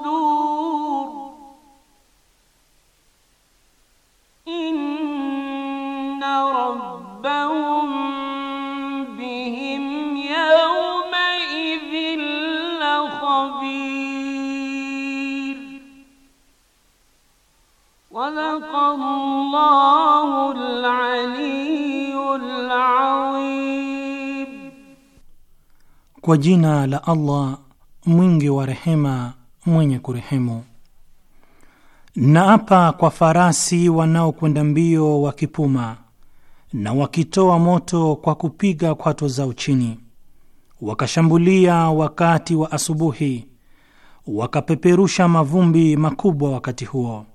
الصدور إن ربهم بهم يومئذ لخبير الله العلي العظيم kwa jina la allah mwingi wa rehema mwenye kurehemu. Naapa kwa farasi wanaokwenda mbio wakipuma na wakitoa moto kwa kupiga kwato zao chini, wakashambulia wakati wa asubuhi, wakapeperusha mavumbi makubwa wakati huo,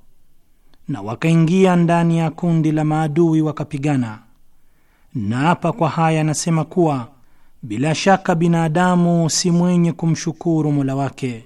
na wakaingia ndani ya kundi la maadui wakapigana. Naapa kwa haya, anasema kuwa bila shaka binadamu si mwenye kumshukuru Mola wake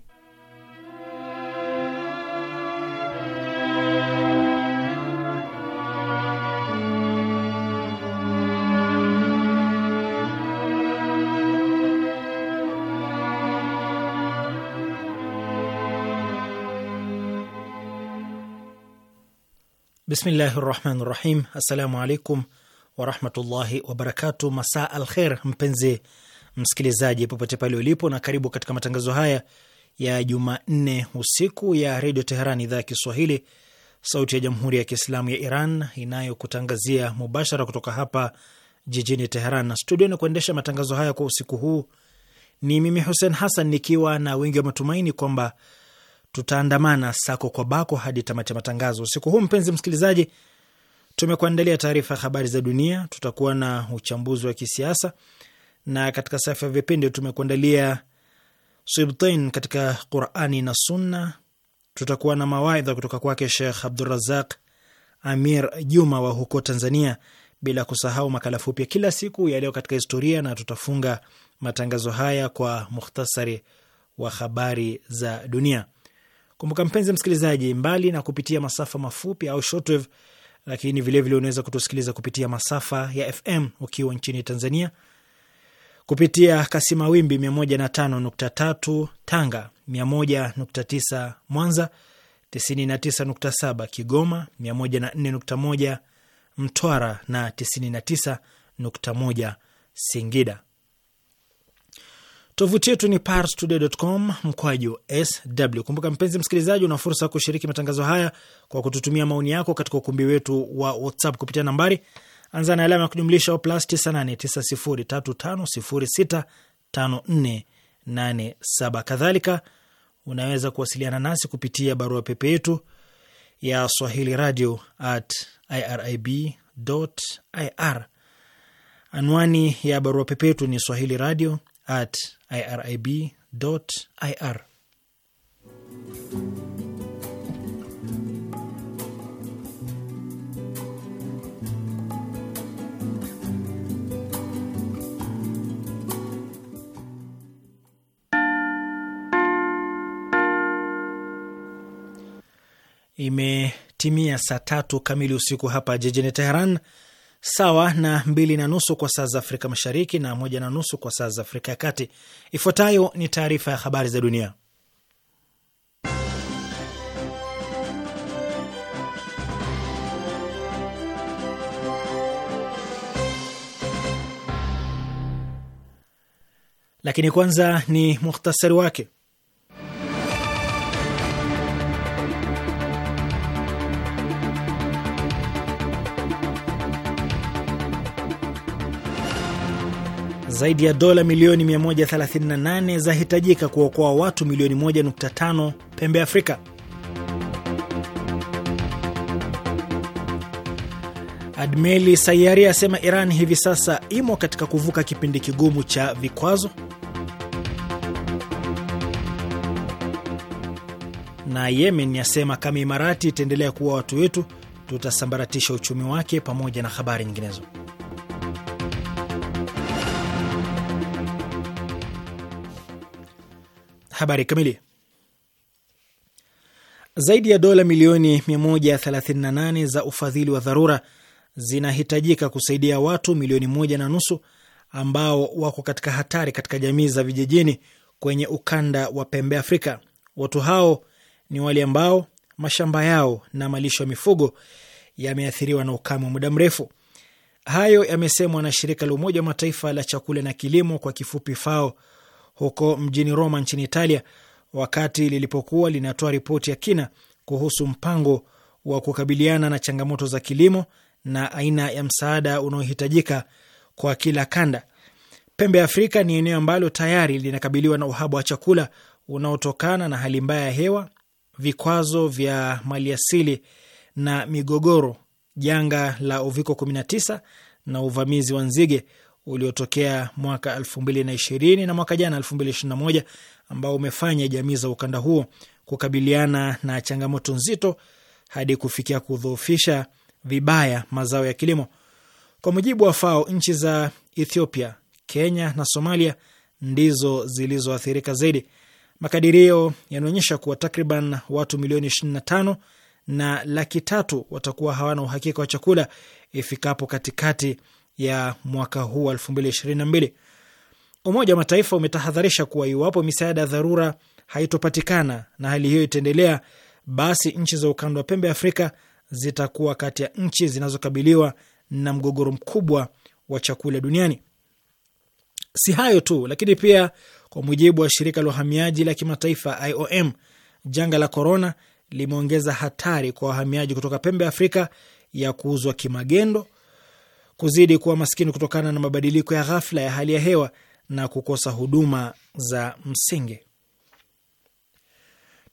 Bismillahi rahmani rahim. Assalamu alaikum warahmatullahi wabarakatu. Masaa al kher, mpenzi msikilizaji, popote pale ulipo, na karibu katika matangazo haya ya Jumanne usiku ya Redio Teheran, idhaa ya Kiswahili, sauti ya Jamhuri ya Kiislamu ya Iran inayokutangazia mubashara kutoka hapa jijini Teheran na studio ni kuendesha matangazo haya kwa usiku huu ni mimi Hussein Hassan, nikiwa na wengi wa matumaini kwamba tutaandamana sako kwa bako hadi tamati ya matangazo usiku huu. Mpenzi msikilizaji, tumekuandalia taarifa ya habari za dunia, tutakuwa na uchambuzi wa kisiasa, na katika safu ya vipindi tumekuandalia Sibtain katika Qurani na Sunna, tutakuwa na mawaidha kutoka kwake Shekh Abdurazaq Amir Juma wa huko Tanzania, bila kusahau makala fupi ya kila siku ya leo katika historia, na tutafunga matangazo haya kwa mukhtasari wa habari za dunia. Kumbuka mpenzi msikilizaji, mbali na kupitia masafa mafupi au shortwave, lakini vilevile unaweza kutusikiliza kupitia masafa ya FM ukiwa nchini Tanzania kupitia kasima wimbi 105.3 Tanga, 101.9 Mwanza, 99.7 Kigoma, 104.1 Mtwara na 99.1 Singida. Tovuti yetu ni parstoday.com mkwaju sw. Kumbuka mpenzi msikilizaji, una fursa ya kushiriki matangazo haya kwa kututumia maoni yako katika ukumbi wetu wa WhatsApp kupitia nambari anza na alama ya kujumlisha plus 989035065487. Kadhalika unaweza kuwasiliana nasi kupitia barua pepe yetu ya swahili radio at irib ir. Anwani ya barua pepe yetu ni swahili radio at irib ir. Imetimia saa tatu kamili usiku hapa jijini Teheran sawa na mbili na nusu kwa saa za Afrika Mashariki na moja na nusu kwa saa za Afrika ya Kati. Ifuatayo ni taarifa ya habari za dunia, lakini kwanza ni muhtasari wake. Zaidi ya dola milioni 138 zahitajika kuokoa watu milioni 1.5 pembe Afrika. Admeli Sayari asema Iran hivi sasa imo katika kuvuka kipindi kigumu cha vikwazo. Na Yemen yasema kama Imarati itaendelea kuwa watu wetu tutasambaratisha uchumi wake, pamoja na habari nyinginezo. Habari kamili. Zaidi ya dola milioni 138 za ufadhili wa dharura zinahitajika kusaidia watu milioni moja na nusu ambao wako katika hatari katika jamii za vijijini kwenye ukanda wa pembe Afrika. Watu hao ni wale ambao mashamba yao na malisho ya mifugo yameathiriwa na ukame wa muda mrefu. Hayo yamesemwa na shirika la Umoja wa Mataifa la chakula na kilimo kwa kifupi FAO huko mjini Roma nchini Italia wakati lilipokuwa linatoa ripoti ya kina kuhusu mpango wa kukabiliana na changamoto za kilimo na aina ya msaada unaohitajika kwa kila kanda. Pembe ya Afrika ni eneo ambalo tayari linakabiliwa na uhaba wa chakula unaotokana na hali mbaya ya hewa, vikwazo vya maliasili na migogoro, janga la Uviko 19 na uvamizi wa nzige uliotokea mwaka 2020 na mwaka jana 2021 ambao umefanya jamii za ukanda huo kukabiliana na changamoto nzito hadi kufikia kudhoofisha vibaya mazao ya kilimo. Kwa mujibu wa FAO, nchi za Ethiopia, Kenya na Somalia ndizo zilizoathirika zaidi. Makadirio yanaonyesha kuwa takriban watu milioni 25 na laki tatu watakuwa hawana uhakika wa chakula ifikapo katikati ya mwaka huu wa 2022. Umoja wa Mataifa umetahadharisha kuwa iwapo misaada ya dharura haitopatikana na hali hiyo itaendelea, basi nchi za ukanda wa pembe Afrika zitakuwa kati ya nchi zinazokabiliwa na mgogoro mkubwa wa chakula duniani. Si hayo tu, lakini pia kwa mujibu wa shirika la uhamiaji la kimataifa IOM, janga la korona limeongeza hatari kwa wahamiaji kutoka pembe Afrika ya kuuzwa kimagendo kuzidi kuwa maskini kutokana na mabadiliko ya ghafla ya hali ya hewa na kukosa huduma za msingi.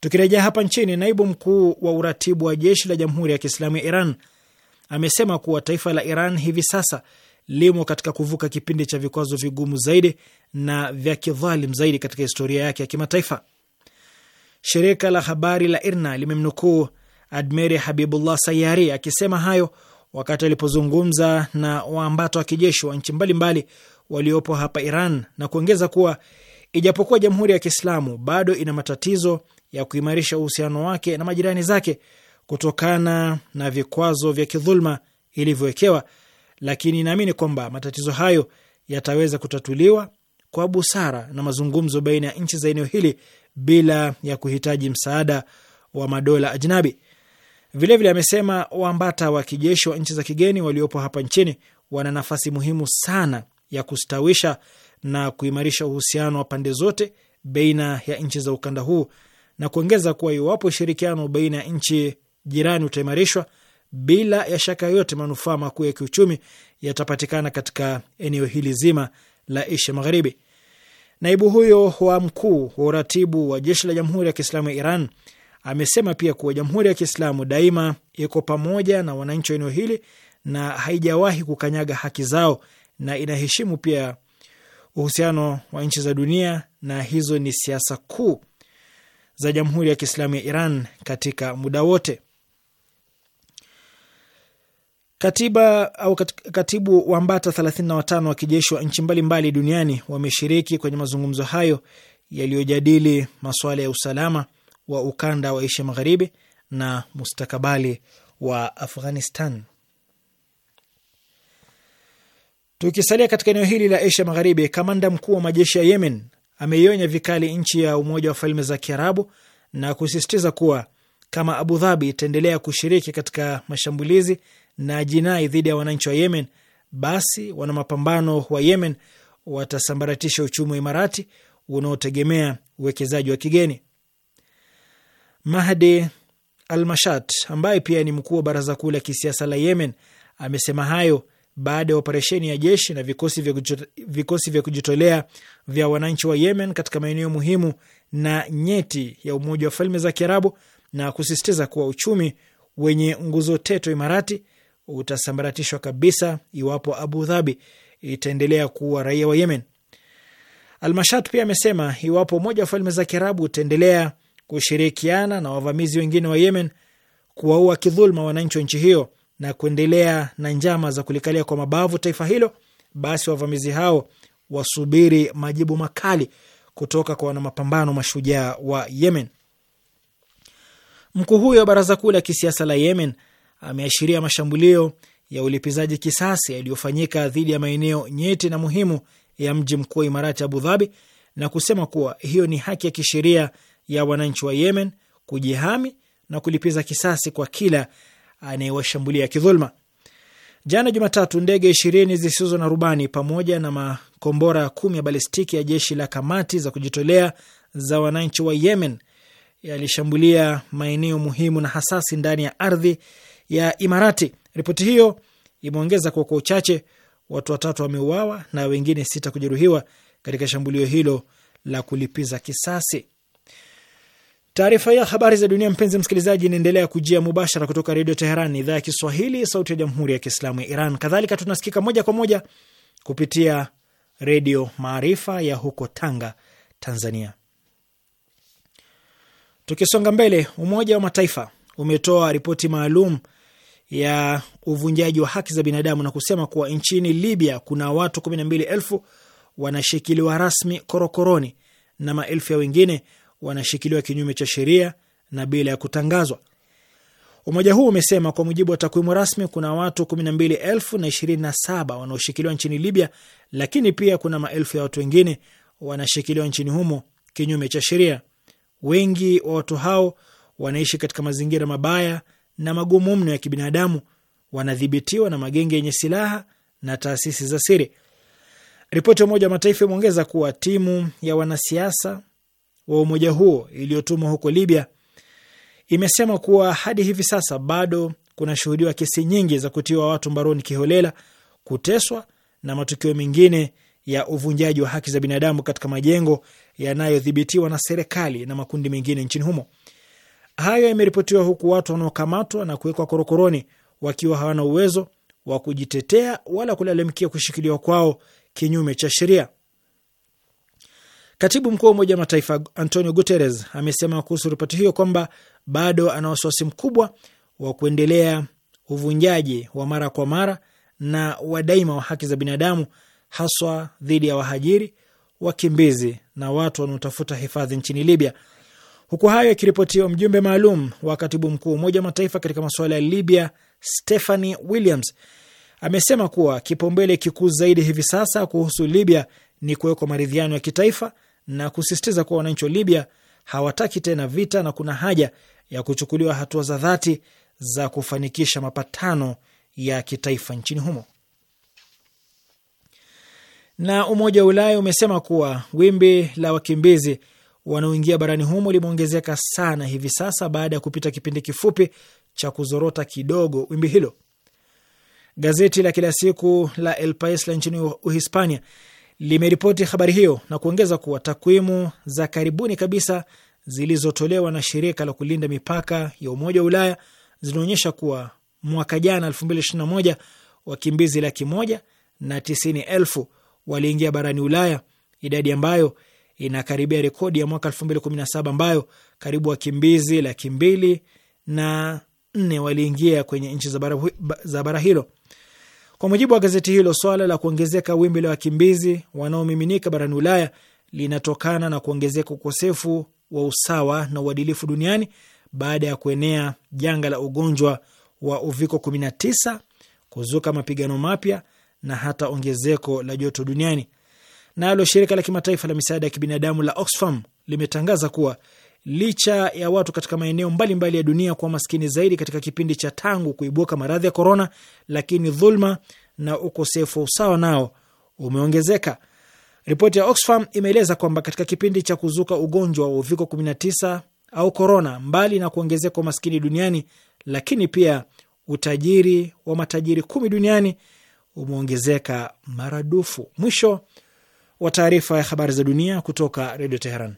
Tukirejea hapa nchini, naibu mkuu wa uratibu wa jeshi la Jamhuri ya Kiislamu ya Iran amesema kuwa taifa la Iran hivi sasa limo katika kuvuka kipindi cha vikwazo vigumu zaidi na vya kidhalim zaidi katika historia yake ya kimataifa. Shirika la habari la IRNA limemnukuu Admeri Habibullah Sayari akisema hayo wakati alipozungumza na waambata wa kijeshi wa nchi mbalimbali waliopo hapa Iran na kuongeza kuwa ijapokuwa Jamhuri ya Kiislamu bado ina matatizo ya kuimarisha uhusiano wake na majirani zake kutokana na vikwazo vya kidhulma ilivyowekewa, lakini inaamini kwamba matatizo hayo yataweza kutatuliwa kwa busara na mazungumzo baina ya nchi za eneo hili bila ya kuhitaji msaada wa madola ajnabi. Vilevile amesema wambata wa kijeshi wa nchi za kigeni waliopo hapa nchini wana nafasi muhimu sana ya kustawisha na kuimarisha uhusiano wa pande zote baina ya nchi za ukanda huu na kuongeza kuwa iwapo ushirikiano baina ya nchi jirani utaimarishwa, bila ya shaka yoyote manufaa makuu ya kiuchumi yatapatikana katika eneo hili zima la Asia Magharibi. Naibu huyo wa mkuu wa uratibu wa jeshi la Jamhuri ya Kiislamu ya Iran Amesema pia kuwa Jamhuri ya Kiislamu daima iko pamoja na wananchi wa eneo hili na haijawahi kukanyaga haki zao na inaheshimu pia uhusiano wa nchi za dunia, na hizo ni siasa kuu za Jamhuri ya Kiislamu ya Iran katika muda wote. Katiba au katibu Mbata 35 wa kijeshi wa nchi mbalimbali duniani wameshiriki kwenye mazungumzo hayo yaliyojadili masuala ya usalama wa ukanda wa Asia Magharibi na mustakabali wa Afghanistan. Tukisalia katika eneo hili la Asia Magharibi, kamanda mkuu wa majeshi ya Yemen ameionya vikali nchi ya Umoja wa Falme za Kiarabu na kusisitiza kuwa kama Abu Dhabi itaendelea kushiriki katika mashambulizi na jinai dhidi ya wananchi wa Yemen, basi wana mapambano wa Yemen watasambaratisha uchumi wa Imarati unaotegemea uwekezaji wa kigeni. Mahdi Almashat ambaye pia ni mkuu wa baraza kuu la kisiasa la Yemen amesema hayo baada ya operesheni ya jeshi na vikosi vya vikosi vya kujitolea vya wananchi wa Yemen katika maeneo muhimu na nyeti ya Umoja wa Falme za Kiarabu na kusisitiza kuwa uchumi wenye nguzo teto Imarati utasambaratishwa kabisa iwapo Abu Dhabi itaendelea kuwa raia wa Yemen. Almashat pia amesema iwapo Umoja wa Falme za Kiarabu utaendelea kushirikiana na wavamizi wengine wa Yemen kuwaua kidhulma wananchi wa nchi hiyo na kuendelea na njama za kulikalia kwa mabavu taifa hilo, basi wavamizi hao wasubiri majibu makali kutoka kwa wanamapambano mashujaa wa Yemen. Mkuu huyo wa baraza kuu la kisiasa la Yemen ameashiria mashambulio ya ulipizaji kisasi yaliyofanyika dhidi ya maeneo nyeti na muhimu ya mji mkuu wa Imarati Abu Dhabi na kusema kuwa hiyo ni haki ya kisheria ya wananchi wa Yemen kujihami na kulipiza kisasi kwa kila anayewashambulia kidhulma. Jana Jumatatu, ndege ishirini zisizo na rubani pamoja na makombora kumi ya balistiki ya jeshi la kamati za kujitolea za wananchi wa Yemen yalishambulia maeneo muhimu na hasasi ndani ya ardhi ya Imarati. Ripoti hiyo imeongeza kwa kwa uchache watu watatu wameuawa na wengine sita kujeruhiwa katika shambulio hilo la kulipiza kisasi. Taarifa ya habari za dunia, mpenzi msikilizaji, inaendelea kujia mubashara kutoka Redio Teheran, idhaa ya Kiswahili, sauti ya jamhuri ya kiislamu ya Iran. Kadhalika tunasikika moja kwa moja kupitia Redio Maarifa ya huko Tanga, Tanzania. Tukisonga mbele, Umoja wa Mataifa umetoa ripoti maalum ya uvunjaji wa haki za binadamu na kusema kuwa nchini Libya kuna watu kumi na mbili elfu wanashikiliwa rasmi korokoroni na maelfu ya wengine wanashikiliwa kinyume cha sheria na bila ya kutangazwa. Umoja huu umesema kwa mujibu wa takwimu rasmi kuna watu 12,027 wanaoshikiliwa nchini Libya, lakini pia kuna maelfu ya watu wengine wanashikiliwa nchini humo kinyume cha sheria. Wengi wa watu hao wanaishi katika mazingira mabaya na magumu mno ya kibinadamu, wanadhibitiwa na magenge yenye silaha na taasisi za siri. Ripoti ya Umoja wa Mataifa imeongeza kuwa timu ya wanasiasa wa umoja huo iliyotumwa huko Libya imesema kuwa hadi hivi sasa bado kunashuhudiwa kesi nyingi za kutiwa watu mbaroni kiholela, kuteswa na matukio mengine ya uvunjaji wa haki za binadamu katika majengo yanayodhibitiwa na serikali na makundi mengine nchini humo. Hayo yameripotiwa huku watu wanaokamatwa na kuwekwa korokoroni wakiwa hawana uwezo wa kujitetea wala kulalamikia kushikiliwa kwao kinyume cha sheria. Katibu mkuu wa Umoja wa Mataifa Antonio Guterres amesema kuhusu ripoti hiyo kwamba bado ana wasiwasi mkubwa wa kuendelea uvunjaji wa mara kwa mara na wadaima wa haki za binadamu haswa dhidi ya wahajiri, wakimbizi na watu wanaotafuta hifadhi nchini Libya. Huku hayo yakiripotiwa, mjumbe maalum wa katibu mkuu wa Umoja wa Mataifa katika masuala ya Libya Stephanie Williams amesema kuwa kipaumbele kikuu zaidi hivi sasa kuhusu Libya ni kuwekwa maridhiano ya kitaifa na kusisitiza kuwa wananchi wa Libya hawataki tena vita na kuna haja ya kuchukuliwa hatua za dhati za kufanikisha mapatano ya kitaifa nchini humo. Na Umoja wa Ulaya umesema kuwa wimbi la wakimbizi wanaoingia barani humo limeongezeka sana hivi sasa baada ya kupita kipindi kifupi cha kuzorota kidogo wimbi hilo. Gazeti la kila siku la El Pais la nchini Uhispania limeripoti habari hiyo na kuongeza kuwa takwimu za karibuni kabisa zilizotolewa na shirika la kulinda mipaka ya Umoja wa Ulaya zinaonyesha kuwa mwaka jana 2021 wakimbizi laki moja na tisini elfu waliingia barani Ulaya, idadi ambayo inakaribia rekodi ya mwaka 2017 ambayo karibu wakimbizi laki mbili na nne waliingia kwenye nchi za bara hilo. Kwa mujibu wa gazeti hilo, swala la kuongezeka wimbi la wakimbizi wanaomiminika barani Ulaya linatokana na kuongezeka ukosefu wa usawa na uadilifu duniani baada ya kuenea janga la ugonjwa wa uviko 19, kuzuka mapigano mapya na hata ongezeko la joto duniani. Nalo shirika la kimataifa la misaada ya kibinadamu la Oxfam limetangaza kuwa licha ya watu katika maeneo mbalimbali ya dunia kuwa maskini zaidi katika kipindi cha tangu kuibuka maradhi ya korona, lakini dhulma na ukosefu wa usawa nao umeongezeka. Ripoti ya Oxfam imeeleza kwamba katika kipindi cha kuzuka ugonjwa wa uviko 19 au korona, mbali na kuongezeka kwa maskini duniani, lakini pia utajiri wa matajiri kumi duniani umeongezeka maradufu. Mwisho wa taarifa ya habari za dunia kutoka Redio Teheran.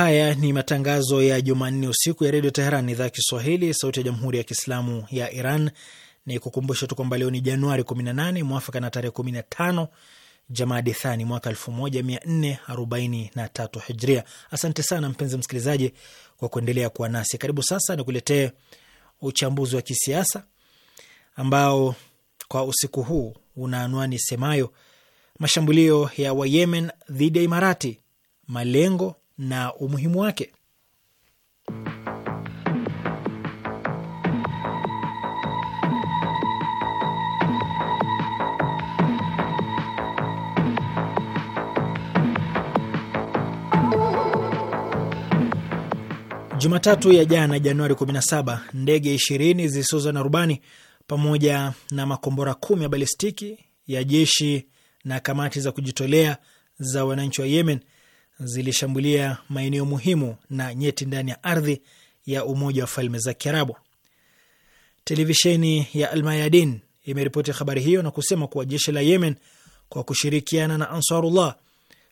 haya ni matangazo ya Jumanne usiku ya Redio Teheran, idhaa ya Kiswahili, sauti ya Jamhuri ya Kiislamu ya Iran. Ni kukumbusha tu kwamba leo ni Januari 18 mwafaka na tarehe 15 Jamadi Thani mwaka 1443 Hijria. Asante sana mpenzi msikilizaji kwa kuendelea kuwa nasi. Karibu sasa nikuletee uchambuzi wa kisiasa ambao kwa usiku huu una anwani semayo: mashambulio ya Wayemen dhidi ya Imarati, malengo na umuhimu wake. Jumatatu ya jana Januari 17 ndege 20 zisizo na rubani pamoja na makombora kumi ya balistiki ya jeshi na kamati za kujitolea za wananchi wa Yemen zilishambulia maeneo muhimu na nyeti ndani ya ardhi ya Umoja wa Falme za Kiarabu. Televisheni ya Almayadin imeripoti habari hiyo na kusema kuwa jeshi la Yemen kwa kushirikiana na Ansarullah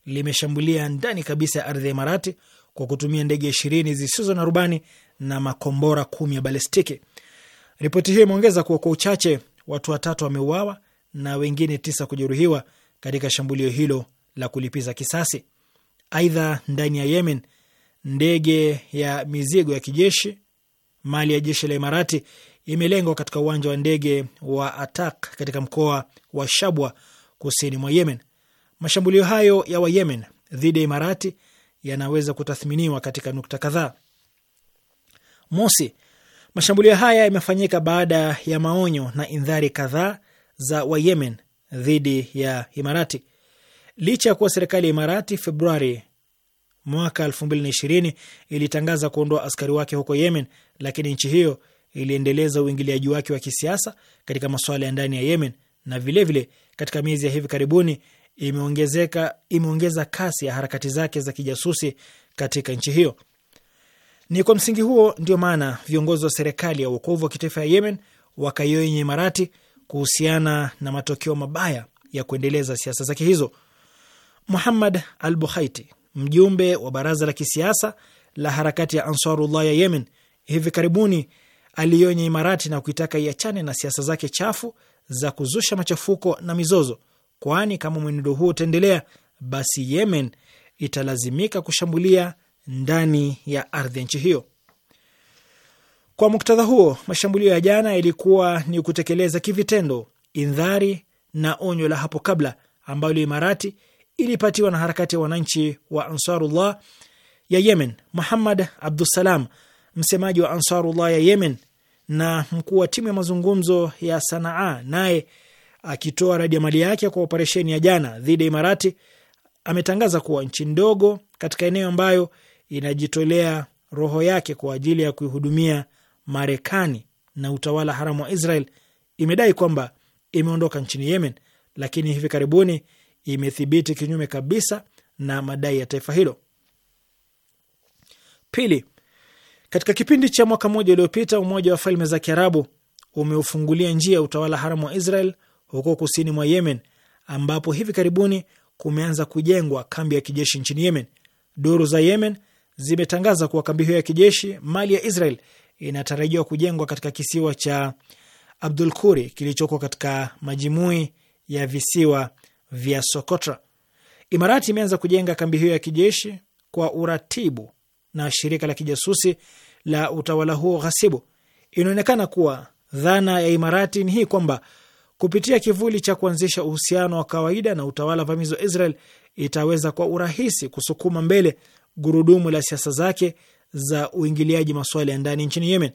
limeshambulia ndani kabisa ya ardhi ya Imarati kwa kutumia ndege ishirini zisizo na rubani na makombora kumi ya balistiki. Ripoti hiyo imeongeza kuwa kwa uchache watu watatu wameuawa na wengine tisa kujeruhiwa katika shambulio hilo la kulipiza kisasi. Aidha, ndani ya Yemen ndege ya mizigo ya kijeshi mali ya jeshi la Imarati imelengwa katika uwanja wa ndege wa Atak katika mkoa wa Shabwa kusini mwa Yemen. Mashambulio hayo ya Wayemen dhidi ya Imarati yanaweza kutathminiwa katika nukta kadhaa. Mosi, mashambulio haya yamefanyika baada ya maonyo na indhari kadhaa za Wayemen dhidi ya Imarati. Licha ya kuwa serikali ya Imarati Februari mwaka 2020 ilitangaza kuondoa askari wake huko Yemen, lakini nchi hiyo iliendeleza uingiliaji wake wa kisiasa katika masuala ya ndani ya Yemen na vilevile vile, katika miezi ya hivi karibuni imeongezeka imeongeza kasi ya harakati zake za kijasusi katika nchi hiyo. Ni kwa msingi huo ndio maana viongozi wa serikali ya uokovu wa kitaifa ya Yemen wakaionya Imarati kuhusiana na matokeo mabaya ya kuendeleza siasa zake hizo. Muhammad al Bukhaiti, mjumbe wa baraza la kisiasa la harakati ya Ansarullah ya Yemen, hivi karibuni alionya Imarati na kuitaka iachane na siasa zake chafu za kuzusha machafuko na mizozo, kwani kama mwenendo huo utaendelea, basi Yemen italazimika kushambulia ndani ya ardhi ya nchi hiyo. Kwa muktadha huo, mashambulio ya jana yalikuwa ni kutekeleza kivitendo indhari na onyo la hapo kabla ambalo Imarati ilipatiwa na harakati ya wananchi wa Ansarullah ya Yemen. Muhammad Abdusalam, msemaji wa Ansarullah ya Yemen na mkuu wa timu ya mazungumzo ya Sanaa, naye akitoa radi ya mali yake kwa operesheni ya jana dhidi ya Imarati, ametangaza kuwa nchi ndogo katika eneo ambayo inajitolea roho yake kwa ajili ya kuihudumia Marekani na utawala haramu wa Israel imedai kwamba imeondoka nchini Yemen, lakini hivi karibuni imethibiti kinyume kabisa na madai ya taifa hilo. Pili, katika kipindi cha mwaka mmoja uliopita, Umoja wa Falme za Kiarabu umeufungulia njia ya utawala haramu wa Israel huko kusini mwa Yemen, ambapo hivi karibuni kumeanza kujengwa kambi ya kijeshi nchini Yemen. Duru za Yemen zimetangaza kuwa kambi hiyo ya kijeshi mali ya Israel inatarajiwa kujengwa katika kisiwa cha Abdul Kuri kilichoko katika majimui ya visiwa vya Sokotra. Imarati imeanza kujenga kambi hiyo ya kijeshi kwa uratibu na shirika la kijasusi la utawala huo ghasibu. Inaonekana kuwa dhana ya Imarati ni hii kwamba kupitia kivuli cha kuanzisha uhusiano wa kawaida na utawala vamizi wa Israel itaweza kwa urahisi kusukuma mbele gurudumu la siasa zake za uingiliaji masuala ya ndani nchini Yemen.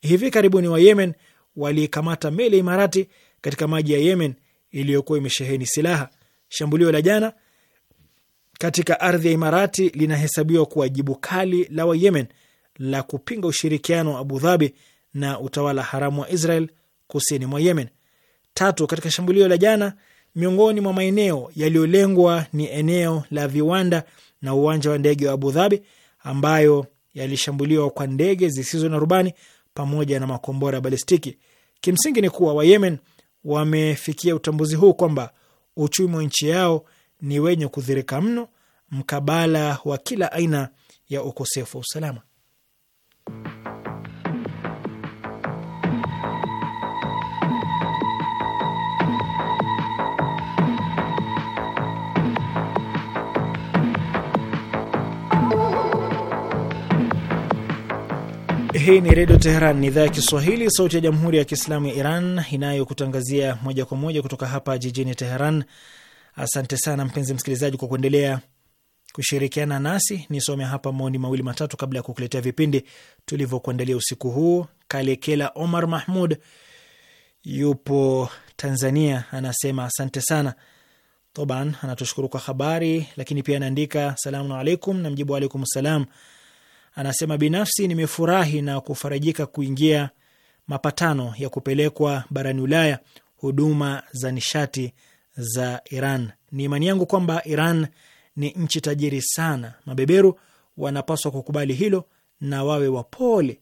Hivi karibuni wa Yemen walikamata meli ya Imarati katika maji ya Yemen iliyokuwa imesheheni silaha. Shambulio la jana katika ardhi ya Imarati linahesabiwa kuwa jibu kali la Wayemen la kupinga ushirikiano wa Abu Dhabi na utawala haramu wa Israel kusini mwa Yemen. Tatu, katika shambulio la jana, miongoni mwa maeneo yaliyolengwa ni eneo la viwanda na uwanja wa ndege wa Abu Dhabi ambayo yalishambuliwa kwa ndege zisizo na rubani pamoja na makombora ya balistiki. Kimsingi ni kuwa Wayemen wamefikia utambuzi huu kwamba uchumi wa nchi yao ni wenye kudhirika mno mkabala wa kila aina ya ukosefu wa usalama. Hii ni Redio Teheran, ni idhaa ya Kiswahili, sauti ya Jamhuri ya Kiislamu ya Iran inayokutangazia moja kwa moja kutoka hapa jijini Teheran. Asante sana mpenzi msikilizaji kwa kuendelea kushirikiana nasi. Nisome hapa maoni mawili matatu kabla ya kukuletea vipindi tulivyokuandalia usiku huu. Kalekela Omar Mahmud yupo Tanzania, anasema asante sana Toban, anatushukuru kwa habari, lakini pia anaandika salamu alaikum, namjibu alaikum salam Anasema binafsi, nimefurahi na kufarajika kuingia mapatano ya kupelekwa barani Ulaya huduma za nishati za Iran. Ni imani yangu kwamba Iran ni nchi tajiri sana. Mabeberu wanapaswa kukubali hilo na wawe wapole,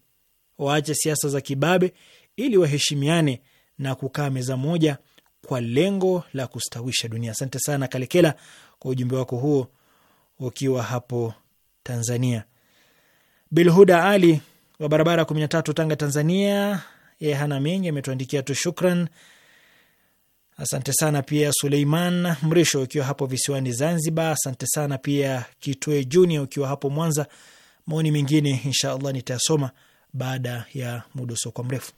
waache siasa za kibabe ili waheshimiane na kukaa meza moja kwa lengo la kustawisha dunia. Asante sana Kalekela kwa ujumbe wako huo ukiwa hapo Tanzania. Bilhuda Ali wa barabara kumi na tatu Tanga, Tanzania, yeye hana mengi, ametuandikia tu shukran. Asante sana pia Suleiman Mrisho ukiwa hapo visiwani Zanzibar, asante sana pia Kitwe Junior ukiwa hapo Mwanza. Maoni mengine insha allah nitayasoma baada ya muda usiokuwa mrefu.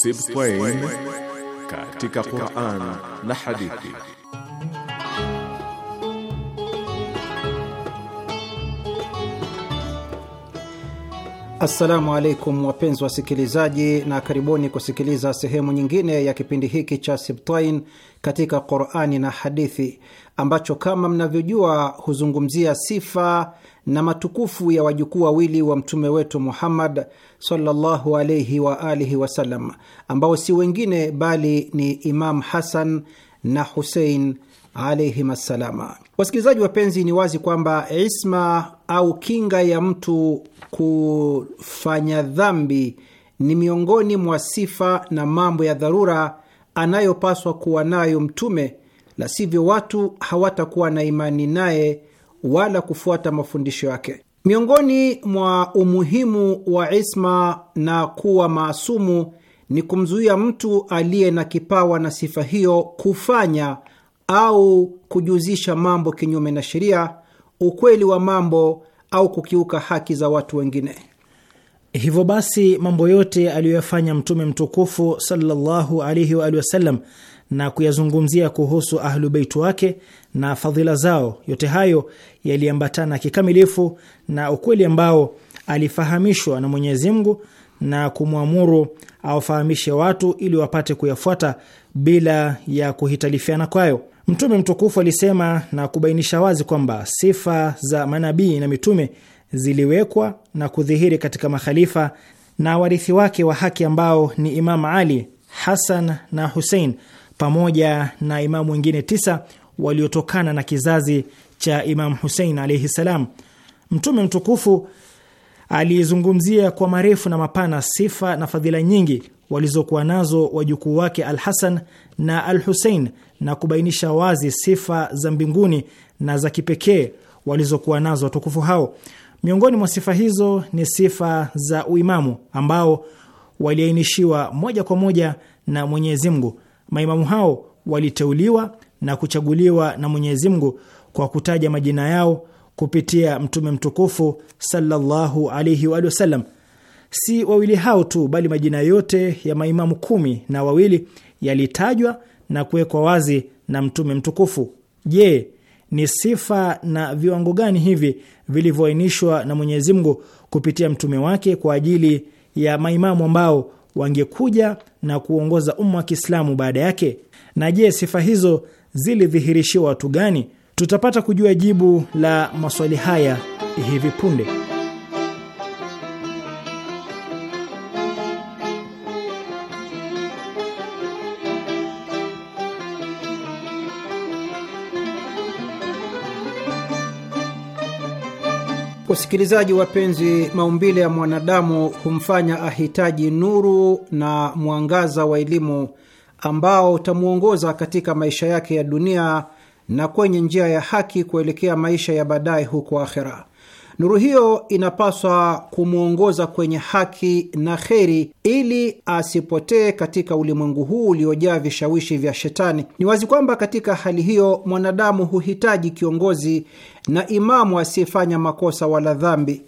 Sibtwain katika Qur'an na hadithi. Assalamu alaikum wapenzi wasikilizaji, na karibuni kusikiliza sehemu nyingine ya kipindi hiki cha Sibtain katika Qurani na Hadithi, ambacho kama mnavyojua huzungumzia sifa na matukufu ya wajukuu wawili wa mtume wetu Muhammad sallallahu alaihi wa alihi wasallam, ambao si wengine bali ni Imam Hasan na Husein alaihim assalama. Wasikilizaji wapenzi, ni wazi kwamba isma au kinga ya mtu kufanya dhambi ni miongoni mwa sifa na mambo ya dharura anayopaswa kuwa nayo Mtume, la sivyo watu hawatakuwa na imani naye wala kufuata mafundisho yake. Miongoni mwa umuhimu wa isma na kuwa maasumu ni kumzuia mtu aliye na kipawa na sifa hiyo kufanya au kujuzisha mambo kinyume na sheria, ukweli wa mambo, au kukiuka haki za watu wengine. Hivyo basi mambo yote aliyoyafanya Mtume mtukufu sallallahu alaihi wa wasallam na kuyazungumzia kuhusu Ahlubeit wake na fadhila zao, yote hayo yaliambatana kikamilifu na ukweli ambao alifahamishwa na Mwenyezi Mungu na kumwamuru awafahamishe watu ili wapate kuyafuata bila ya kuhitalifiana kwayo. Mtume mtukufu alisema na kubainisha wazi kwamba sifa za manabii na mitume ziliwekwa na kudhihiri katika makhalifa na warithi wake wa haki ambao ni Imamu Ali, Hasan na Husein pamoja na imamu wengine tisa waliotokana na kizazi cha Imamu Husein alaihi ssalam. Mtume mtukufu alizungumzia kwa marefu na mapana sifa na fadhila nyingi walizokuwa nazo wajukuu wake Al Hasan na Al Husein na kubainisha wazi sifa za mbinguni na za kipekee walizokuwa nazo watukufu hao. Miongoni mwa sifa hizo ni sifa za uimamu ambao waliainishiwa moja kwa moja na Mwenyezi Mungu. Maimamu hao waliteuliwa na kuchaguliwa na Mwenyezi Mungu kwa kutaja majina yao kupitia Mtume mtukufu sallallahu alaihi wa sallam. Si wawili hao tu, bali majina yote ya maimamu kumi na wawili yalitajwa na kuwekwa wazi na Mtume mtukufu. Je, ni sifa na viwango gani hivi vilivyoainishwa na Mwenyezi Mungu kupitia mtume wake kwa ajili ya maimamu ambao wangekuja na kuongoza umma wa Kiislamu baada yake? Na je, sifa hizo zilidhihirishiwa watu gani? Tutapata kujua jibu la maswali haya hivi punde. Wasikilizaji wapenzi, maumbile ya mwanadamu humfanya ahitaji nuru na mwangaza wa elimu ambao utamwongoza katika maisha yake ya dunia na kwenye njia ya haki kuelekea maisha ya baadaye huko akhera. Nuru hiyo inapaswa kumwongoza kwenye haki na kheri, ili asipotee katika ulimwengu huu uliojaa vishawishi vya shetani. Ni wazi kwamba katika hali hiyo mwanadamu huhitaji kiongozi na imamu asiyefanya makosa wala dhambi,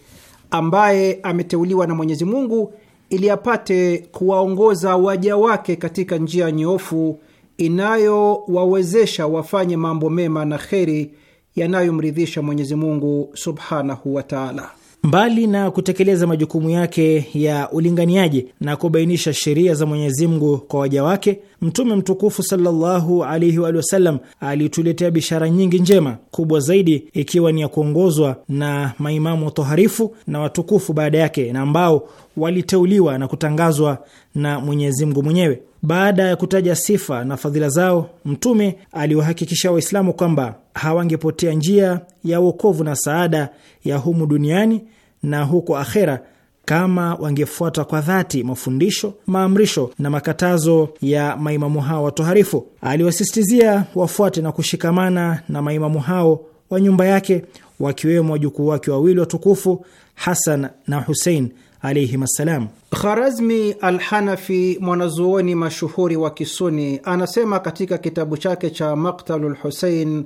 ambaye ameteuliwa na Mwenyezi Mungu ili apate kuwaongoza waja wake katika njia nyoofu inayowawezesha wafanye mambo mema na kheri yanayomridhisha Mwenyezi Mungu subhanahu wa taala. Mbali na kutekeleza majukumu yake ya ulinganiaji na kubainisha sheria za Mwenyezi Mungu kwa waja wake, Mtume mtukufu sallallahu alaihi wa sallam alituletea bishara nyingi njema, kubwa zaidi ikiwa ni ya kuongozwa na maimamu toharifu na watukufu baada yake, na ambao waliteuliwa na kutangazwa na Mwenyezi Mungu mwenyewe. Baada ya kutaja sifa na fadhila zao, Mtume aliwahakikisha Waislamu kwamba hawangepotea njia ya uokovu na saada ya humu duniani na huko akhera kama wangefuata kwa dhati mafundisho, maamrisho na makatazo ya maimamu hao watoharifu. Aliwasisitizia wafuate na kushikamana na maimamu hao wa nyumba yake, wakiwemo wajukuu wake wawili watukufu Hasan na Husein alaihim assalam. Kharazmi Alhanafi, mwanazuoni mashuhuri wa Kisuni, anasema katika kitabu chake cha Maktalu Lhusein,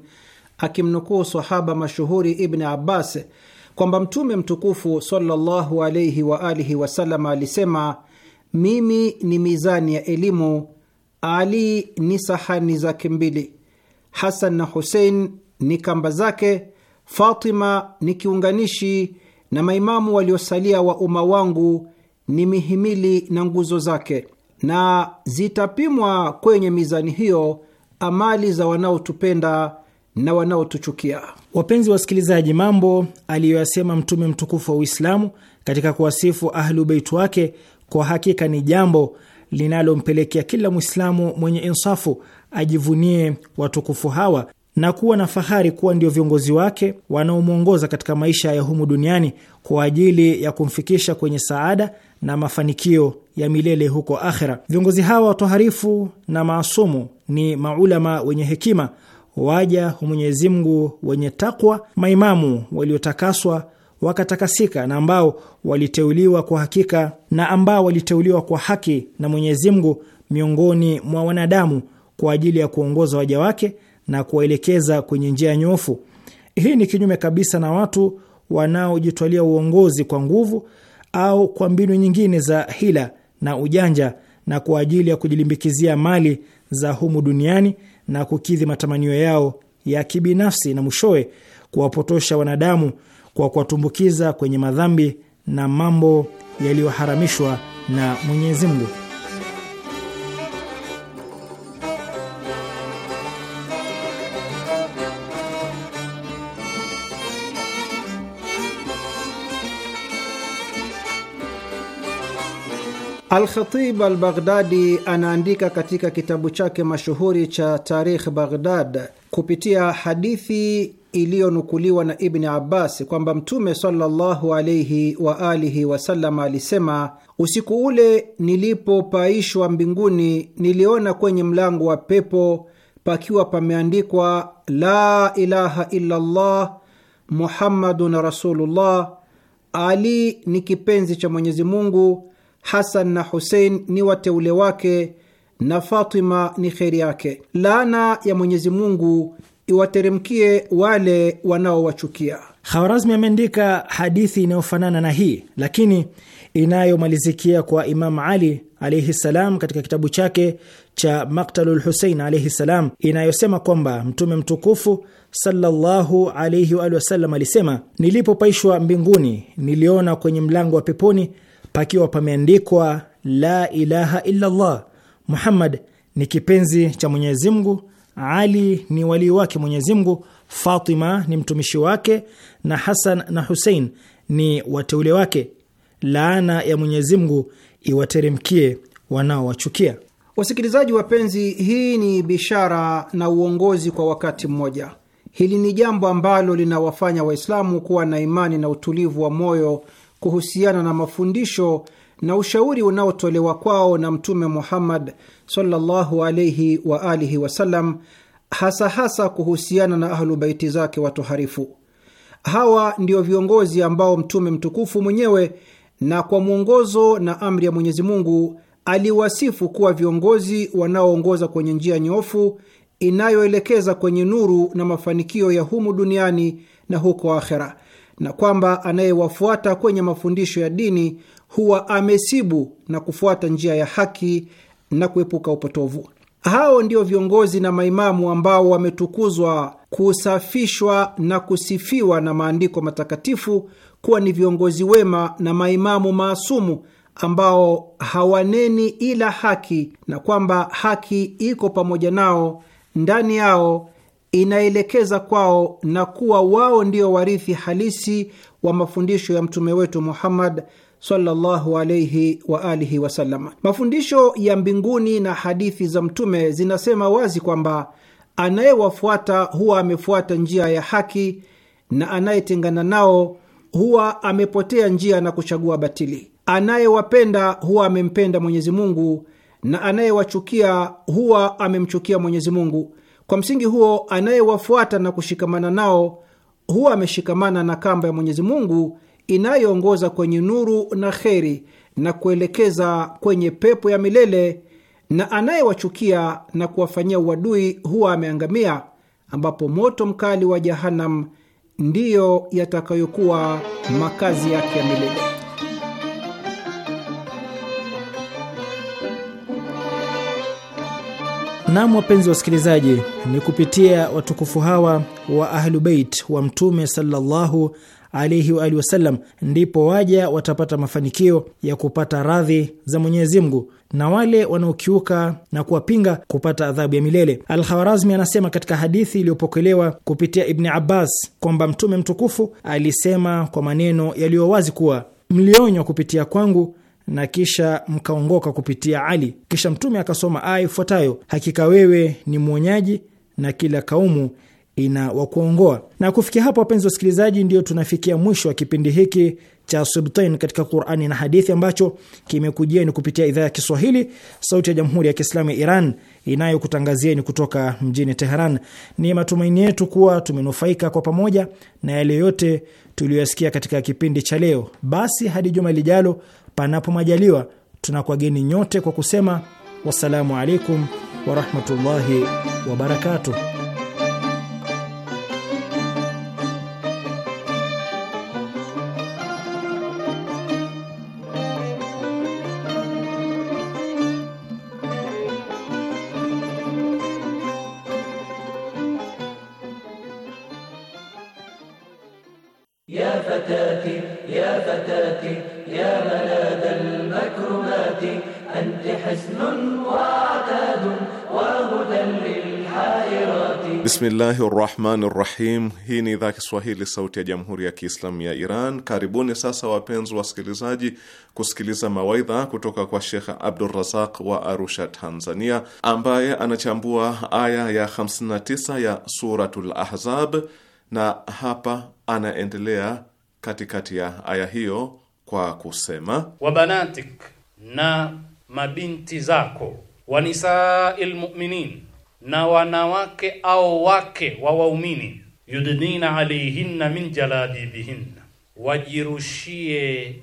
akimnukuu sahaba mashuhuri Ibni Abbas kwamba Mtume mtukufu sallallahu alaihi wasallam alisema, mimi ni mizani ya elimu, Ali ni sahani zake mbili, Hasan na Husein ni kamba zake, Fatima ni kiunganishi na maimamu waliosalia wa umma wangu ni mihimili na nguzo zake, na zitapimwa kwenye mizani hiyo amali za wanaotupenda na wanaotuchukia. Wapenzi wasikilizaji, mambo aliyoyasema Mtume mtukufu wa Uislamu katika kuwasifu Ahlu wake kwa hakika ni jambo linalompelekea kila Mwislamu mwenye insafu ajivunie watukufu hawa na kuwa na fahari kuwa ndio viongozi wake wanaomwongoza katika maisha ya humu duniani kwa ajili ya kumfikisha kwenye saada na mafanikio ya milele huko akhera. Viongozi hawa watoharifu na maasumu ni maulama wenye hekima, waja wa Mwenyezi Mungu wenye takwa, maimamu waliotakaswa wakatakasika na ambao waliteuliwa kwa hakika na ambao waliteuliwa kwa haki na Mwenyezi Mungu miongoni mwa wanadamu kwa ajili ya kuongoza waja wake na kuwaelekeza kwenye njia nyofu. Hii ni kinyume kabisa na watu wanaojitwalia uongozi kwa nguvu au kwa mbinu nyingine za hila na ujanja na kwa ajili ya kujilimbikizia mali za humu duniani na kukidhi matamanio yao ya kibinafsi na mwishowe kuwapotosha wanadamu kwa kuwatumbukiza kwenye madhambi na mambo yaliyoharamishwa na Mwenyezi Mungu. Alkhatib albaghdadi al-Baghdadi anaandika katika kitabu chake mashuhuri cha Tarikh Baghdad kupitia hadithi iliyonukuliwa na Ibni Abbas kwamba Mtume sallallahu alaihi wa alihi wasallam alisema, usiku ule nilipopaishwa mbinguni, niliona kwenye mlango wa pepo pakiwa pameandikwa la ilaha illallah muhammadun rasulullah, Ali ni kipenzi cha Mwenyezi Mungu Hasan na Husein ni wateule wake na Fatima ni kheri yake. Laana ya Mwenyezi Mungu iwateremkie wale wanaowachukia. Khawarazmi ameandika hadithi inayofanana na hii lakini inayomalizikia kwa Imamu Ali alaihi salam katika kitabu chake cha Maktalu Lhusein alaihi salam, inayosema kwamba Mtume mtukufu sallallahu alaihi waalihi wasallam alisema, nilipopaishwa mbinguni niliona kwenye mlango wa peponi pakiwa pameandikwa la ilaha illallah, Muhammad ni kipenzi cha Mwenyezi Mungu, Ali ni walii wake Mwenyezi Mungu, Fatima ni mtumishi wake, na Hasan na Husein ni wateule wake. Laana ya Mwenyezi Mungu iwateremkie wanaowachukia. Wasikilizaji wapenzi, hii ni bishara na uongozi kwa wakati mmoja. Hili ni jambo ambalo linawafanya Waislamu kuwa na imani na utulivu wa moyo kuhusiana na mafundisho na ushauri unaotolewa kwao na Mtume Muhammad sallallahu alaihi wa alihi wasallam, hasa hasa kuhusiana na Ahlu Baiti zake watoharifu. Hawa ndio viongozi ambao Mtume mtukufu mwenyewe na kwa mwongozo na amri ya Mwenyezi Mungu aliwasifu kuwa viongozi wanaoongoza kwenye njia nyofu inayoelekeza kwenye nuru na mafanikio ya humu duniani na huko akhera na kwamba anayewafuata kwenye mafundisho ya dini huwa amesibu na kufuata njia ya haki na kuepuka upotovu. Hao ndio viongozi na maimamu ambao wametukuzwa, kusafishwa na kusifiwa na maandiko matakatifu kuwa ni viongozi wema na maimamu maasumu ambao hawaneni ila haki, na kwamba haki iko pamoja nao, ndani yao inaelekeza kwao na kuwa wao ndio warithi halisi wa mafundisho ya mtume wetu Muhammad sallallahu alayhi wa alihi wasallam. Mafundisho ya mbinguni na hadithi za mtume zinasema wazi kwamba anayewafuata huwa amefuata njia ya haki na anayetengana nao huwa amepotea njia na kuchagua batili. Anayewapenda huwa amempenda Mwenyezi Mungu na anayewachukia huwa amemchukia Mwenyezi Mungu kwa msingi huo, anayewafuata na kushikamana nao huwa ameshikamana na kamba ya Mwenyezi Mungu inayoongoza kwenye nuru na kheri na kuelekeza kwenye pepo ya milele, na anayewachukia na kuwafanyia uadui huwa ameangamia, ambapo moto mkali wa Jahanam ndiyo yatakayokuwa makazi yake ya milele. Nam, wapenzi wasikilizaji, ni kupitia watukufu hawa wa Ahlubeit wa Mtume sallallahu alaihi wa alihi wasallam ndipo waja watapata mafanikio ya kupata radhi za Mwenyezi Mungu na wale wanaokiuka na kuwapinga kupata adhabu ya milele. Al-Khawarazmi anasema katika hadithi iliyopokelewa kupitia Ibni Abbas kwamba Mtume mtukufu alisema kwa maneno yaliyo wazi kuwa mlionywa kupitia kwangu na kisha mkaongoka kupitia Ali. Kisha Mtume akasoma aya ifuatayo, hakika wewe ni mwonyaji na kila kaumu ina wakuongoa. Na kufikia hapo wapenzi wasikilizaji, ndio tunafikia mwisho wa kipindi hiki cha Sibtain katika Qurani na hadithi ambacho kimekujia ni kupitia idhaa ya Kiswahili sauti ya Jamhuri ya Kiislamu ya Iran inayokutangazieni kutoka mjini Teheran. Ni matumaini yetu kuwa tumenufaika kwa pamoja na yale yote tuliyoyasikia katika kipindi cha leo. Basi hadi juma lijalo, panapo majaliwa, tunakwageni nyote kwa kusema wassalamu alaikum warahmatullahi wabarakatuh. Bismillahi rahmani rahim. Hii ni idhaa Kiswahili sauti ya jamhuri ya Kiislamu ya Iran. Karibuni sasa wapenzi wasikilizaji, kusikiliza mawaidha kutoka kwa Shekh Abdurazaq wa Arusha, Tanzania, ambaye anachambua aya ya 59 ya Suratul Ahzab, na hapa anaendelea katikati ya aya hiyo kwa kusema wabanatik, na mabinti zako, wanisaa lmuminin na wanawake au wake wa waumini, yudnina alaihinna min jaladibihinna wajirushie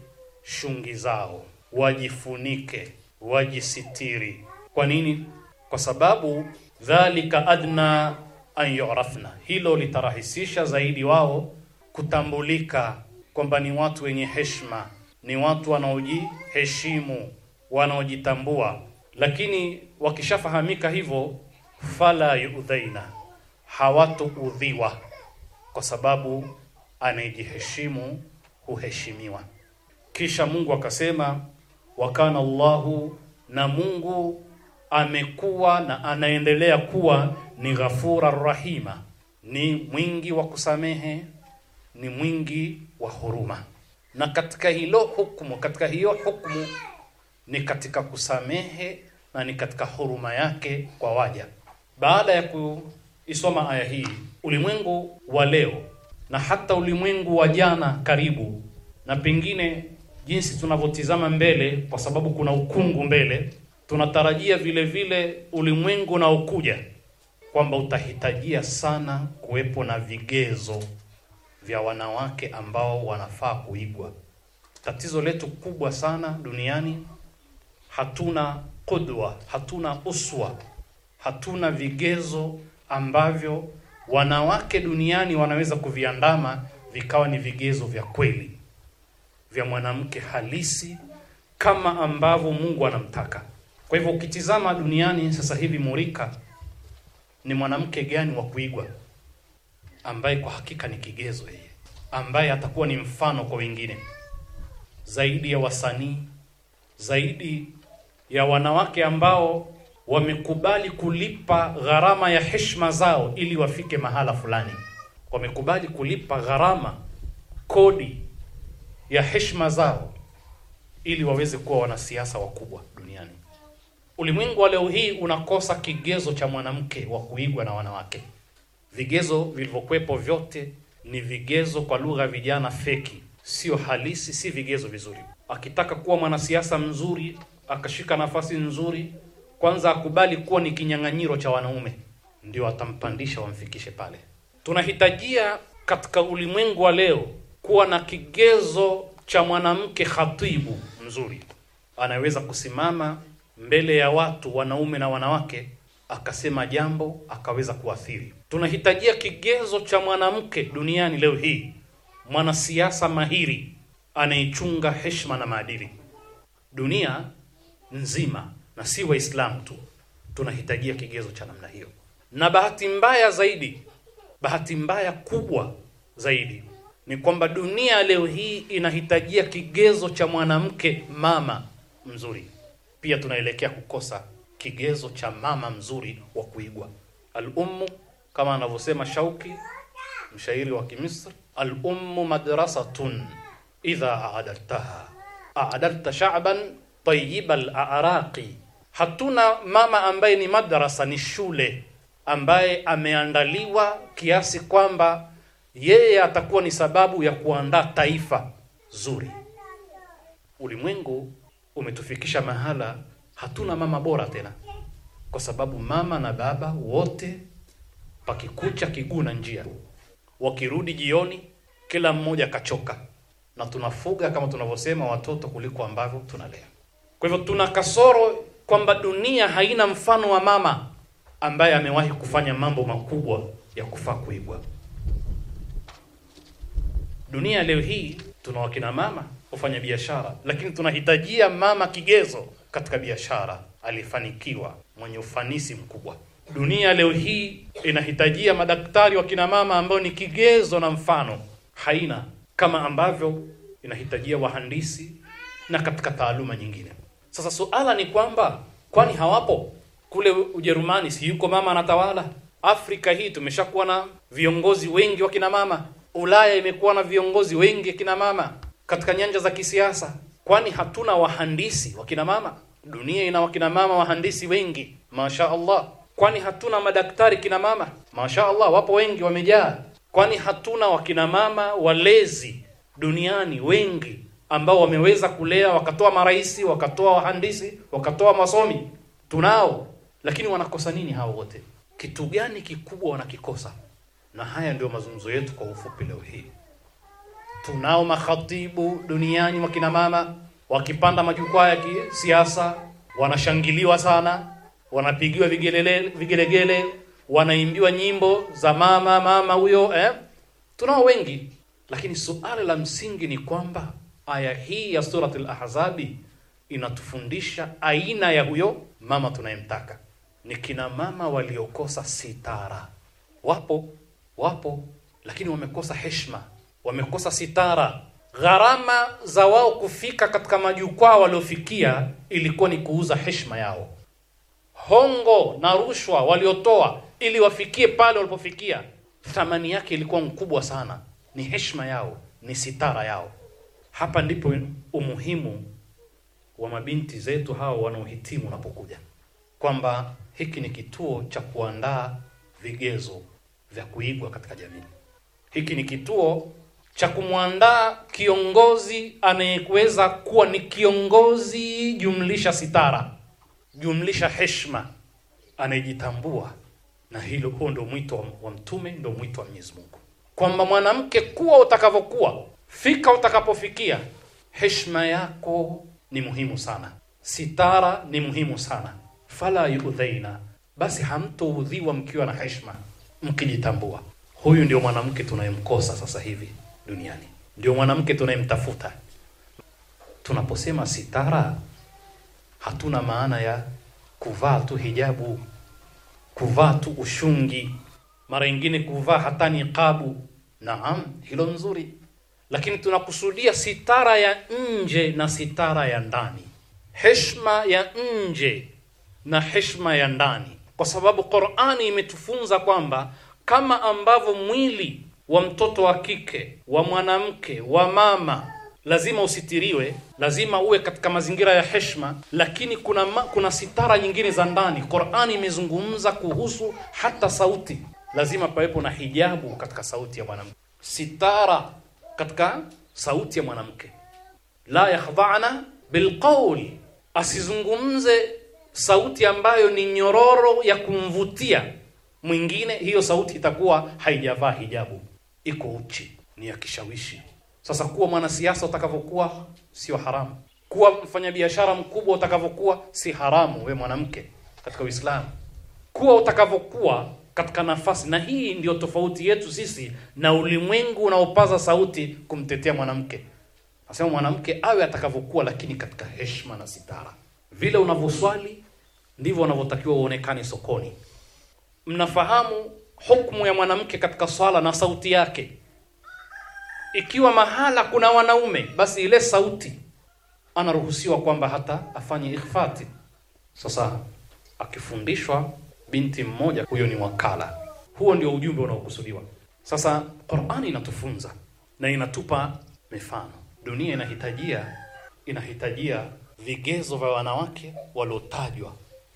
shungi zao, wajifunike, wajisitiri. Kwa nini? Kwa sababu dhalika adna an yurafna, hilo litarahisisha zaidi wao kutambulika kwamba ni watu wenye heshima, ni watu wanaojiheshimu, wanaojitambua. Lakini wakishafahamika hivyo fala yudhaina, hawatoudhiwa kwa sababu anayejiheshimu huheshimiwa. Kisha Mungu akasema, wakana Allahu, na Mungu amekuwa na anaendelea kuwa ni ghafura rahima, ni mwingi wa kusamehe, ni mwingi wa huruma. Na katika hilo hukumu, katika hiyo hukumu ni katika kusamehe na ni katika huruma yake kwa waja. Baada ya kuisoma aya hii, ulimwengu wa leo na hata ulimwengu wa jana karibu, na pengine jinsi tunavyotizama mbele, kwa sababu kuna ukungu mbele, tunatarajia vile vile ulimwengu unaokuja kwamba utahitajia sana kuwepo na vigezo vya wanawake ambao wanafaa kuigwa. Tatizo letu kubwa sana duniani, hatuna kudwa, hatuna uswa hatuna vigezo ambavyo wanawake duniani wanaweza kuviandama vikawa ni vigezo vya kweli vya mwanamke halisi kama ambavyo Mungu anamtaka. Kwa hivyo ukitizama duniani sasa hivi, murika ni mwanamke gani wa kuigwa ambaye kwa hakika ni kigezo yeye, ambaye atakuwa ni mfano kwa wengine, zaidi ya wasanii, zaidi ya wanawake ambao wamekubali kulipa gharama ya heshima zao ili wafike mahala fulani, wamekubali kulipa gharama, kodi ya heshima zao ili waweze kuwa wanasiasa wakubwa duniani. Ulimwengu wa leo hii unakosa kigezo cha mwanamke wa kuigwa na wanawake. Vigezo vilivyokuwepo vyote ni vigezo, kwa lugha vijana, feki, sio halisi, si vigezo vizuri. Akitaka kuwa mwanasiasa mzuri, akashika nafasi nzuri kwanza akubali kuwa ni kinyang'anyiro cha wanaume, ndio atampandisha wamfikishe pale. Tunahitajia katika ulimwengu wa leo kuwa na kigezo cha mwanamke khatibu mzuri, anaweza kusimama mbele ya watu wanaume na wanawake akasema jambo akaweza kuathiri. Tunahitajia kigezo cha mwanamke duniani leo hii, mwanasiasa mahiri anayechunga heshima na maadili dunia nzima na si Waislamu tu tunahitajia kigezo cha namna hiyo. Na bahati mbaya zaidi, bahati mbaya kubwa zaidi ni kwamba dunia leo hii inahitajia kigezo cha mwanamke mama mzuri. Pia tunaelekea kukosa kigezo cha mama mzuri wa kuigwa. Al-ummu kama anavyosema Shauki, mshairi wa Kimisri, al-ummu madrasatun idha a'adaltaha a'adalta sha'ban tayyibal a'raqi Hatuna mama ambaye ni madrasa, ni shule ambaye ameandaliwa kiasi kwamba yeye atakuwa ni sababu ya kuandaa taifa zuri. Ulimwengu umetufikisha mahala hatuna mama bora tena, kwa sababu mama na baba wote pakikucha kiguu na njia, wakirudi jioni kila mmoja kachoka, na tunafuga kama tunavyosema watoto kuliko ambavyo tunalea. Kwa hivyo tuna kasoro kwamba dunia haina mfano wa mama ambaye amewahi kufanya mambo makubwa ya kufaa kuigwa. Dunia leo hii tuna wakina mama kufanya biashara, lakini tunahitajia mama kigezo katika biashara, alifanikiwa, mwenye ufanisi mkubwa. Dunia leo hii inahitajia madaktari wa kina mama ambao ni kigezo na mfano, haina kama ambavyo inahitajia wahandisi na katika taaluma nyingine. Sasa suala ni kwamba kwani hawapo kule Ujerumani? Si yuko mama anatawala? Afrika hii tumeshakuwa na viongozi wengi wa kina mama. Ulaya imekuwa na viongozi wengi kina mama katika nyanja za kisiasa. Kwani hatuna wahandisi wa kina mama? Dunia ina wakina mama wahandisi wengi, masha Allah. Kwani hatuna madaktari kina mama? Masha Allah, wapo wengi, wamejaa. Kwani hatuna wakina mama walezi duniani wengi? ambao wameweza kulea, wakatoa marais, wakatoa wahandisi, wakatoa masomi, tunao. Lakini wanakosa nini hao wote? Kitu gani kikubwa wanakikosa? Na haya ndio mazungumzo yetu kwa ufupi leo hii. Tunao makhatibu duniani, wakina mama wakipanda majukwaa ya kisiasa wanashangiliwa sana, wanapigiwa vigelegele, wanaimbiwa nyimbo za mama mama huyo eh? Tunao wengi, lakini suala la msingi ni kwamba Aya hii ya Surat al inatufundisha aina ya huyo mama tunayemtaka. Ni kina mama waliokosa sitara, wapo wapo, lakini wamekosa heshima, wamekosa sitara. Gharama za wao kufika katika majukwaa waliofikia ilikuwa ni kuuza heshima yao, hongo na rushwa waliotoa ili wafikie pale walipofikia, thamani yake ilikuwa mkubwa sana. Ni heshima yao, ni sitara yao. Hapa ndipo umuhimu wa mabinti zetu hao wanaohitimu unapokuja, kwamba hiki ni kituo cha kuandaa vigezo vya kuigwa katika jamii. Hiki ni kituo cha kumwandaa kiongozi anayeweza kuwa ni kiongozi jumlisha sitara jumlisha heshima, anayejitambua. Na hilo, huo ndio mwito wa Mtume, ndio mwito wa Mwenyezi Mungu, kwamba mwanamke kuwa utakavyokuwa Fika utakapofikia, heshima yako ni muhimu sana, sitara ni muhimu sana. Fala yudhaina, basi hamtoudhiwa mkiwa na heshima, mkijitambua. Huyu ndio mwanamke tunayemkosa sasa hivi duniani, ndio mwanamke tunayemtafuta. Tunaposema sitara, hatuna maana ya kuvaa tu hijabu, kuvaa tu ushungi, mara nyingine kuvaa hata niqabu. Naam, hilo nzuri lakini tunakusudia sitara ya nje na sitara ya ndani, heshma ya nje na heshma ya ndani, kwa sababu Qur'ani imetufunza kwamba kama ambavyo mwili wa mtoto wa kike, wa mwanamke, wa mama lazima usitiriwe, lazima uwe katika mazingira ya heshma lakini kuna ma, kuna sitara nyingine za ndani. Qur'ani imezungumza kuhusu hata sauti, lazima pawepo na hijabu katika sauti ya mwanamke, sitara katika sauti ya mwanamke. La yakhdha'na bilqawl, asizungumze sauti ambayo ni nyororo ya kumvutia mwingine, hiyo sauti itakuwa haijavaa hijabu, iko uchi, ni ya kishawishi. Sasa kuwa mwanasiasa utakavyokuwa sio haramu, kuwa mfanyabiashara mkubwa utakavyokuwa si haramu, we mwanamke katika Uislamu, kuwa utakavyokuwa katika nafasi, na hii ndio tofauti yetu sisi na ulimwengu unaopaza sauti kumtetea mwanamke. Nasema mwanamke awe atakavyokuwa, lakini katika heshima na sitara. Vile unavyoswali ndivyo unavyotakiwa uonekane sokoni. Mnafahamu hukmu ya mwanamke katika swala na sauti yake. Ikiwa mahala kuna wanaume, basi ile sauti anaruhusiwa kwamba hata afanye ikhfati. Sasa akifundishwa binti mmoja, huyo ni wakala. Huo ndio ujumbe unaokusudiwa. Sasa Qur'ani inatufunza na inatupa mifano. Dunia inahitajia inahitajia vigezo vya wanawake waliotajwa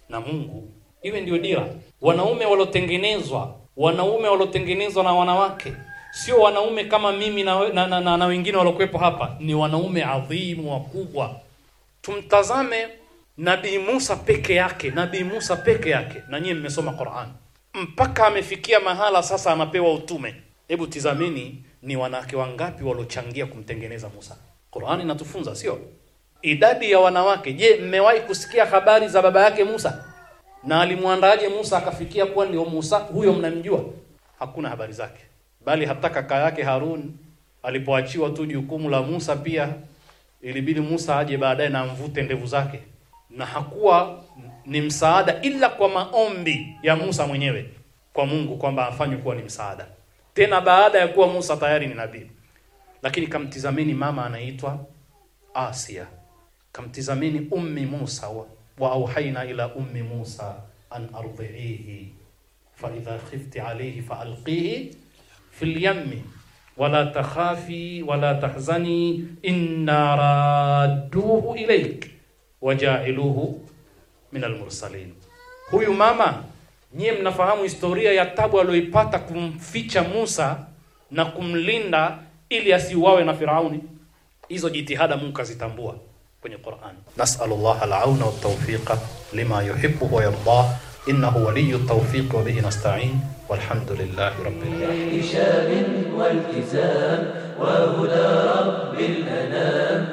na Mungu, iwe ndio dira. Wanaume waliotengenezwa, wanaume waliotengenezwa na wanawake, sio wanaume kama mimi na, na, na, na, na wengine waliokuwepo hapa, ni wanaume adhimu wakubwa. Tumtazame Nabii Musa peke yake, Nabii Musa peke yake, na nyie mmesoma Qur'an, mpaka amefikia mahala sasa anapewa utume. Hebu tizamini ni wanawake wangapi waliochangia kumtengeneza Musa. Qur'an inatufunza sio idadi ya wanawake. Je, mmewahi kusikia habari za baba yake Musa na alimwandaje Musa akafikia kuwa ndio Musa huyo mnamjua? Hakuna habari zake, bali hata kaka yake Harun alipoachiwa tu jukumu la Musa, pia ilibidi Musa aje baadaye na mvute ndevu zake na hakuwa ni msaada ila kwa maombi ya Musa mwenyewe kwa Mungu kwamba afanywe kuwa ni msaada, tena baada ya kuwa Musa tayari ni nabii. Lakini kamtizameni mama anaitwa Asia, kamtizameni ummi Musa wa, wa auhaina ila ummi Musa an ardhiihi fa idha khifti alayhi fa alqihi fil yammi wala takhafi wala tahzani inna radduhu ilayki wajailuhu min almursalin. Huyu mama nyie mnafahamu historia ya tabu aliyoipata kumficha Musa na kumlinda ili asiuawe na Firauni. Hizo jitihada Mungu kazitambua kwenye Qur'an. Nasalu Allah alauna wa tawfiqa lima yuhibbu wa yardah innahu waliyyu tawfiq wa bihi nasta'in walhamdulillahi rabbil alamin. Hisham wal kizam wa huda rabbil anam